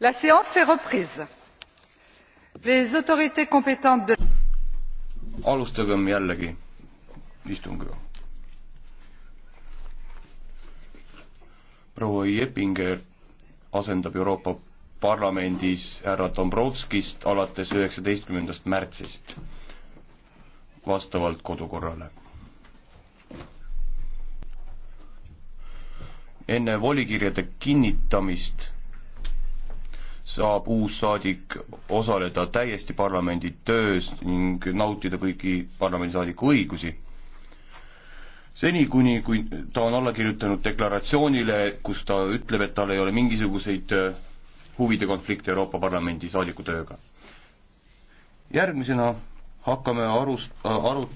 la séance est reprise les autorités compétentes de alustagem jällegi istungiga proua Jeppinger asendab Euroopa Parlamendis härra Dombrovskist alates üheksateistkümnendast märtsist vastavalt kodukorrale. enne volikirjade kinnitamist saab uus saadik osaleda täiesti parlamendi töös ning nautida kõiki parlamendisaadiku õigusi. seni, kuni, kui ta on alla kirjutanud deklaratsioonile, kus ta ütleb, et tal ei ole mingisuguseid äh, huvide konflikte Euroopa Parlamendi saadiku tööga. järgmisena hakkame arust-, äh, arutama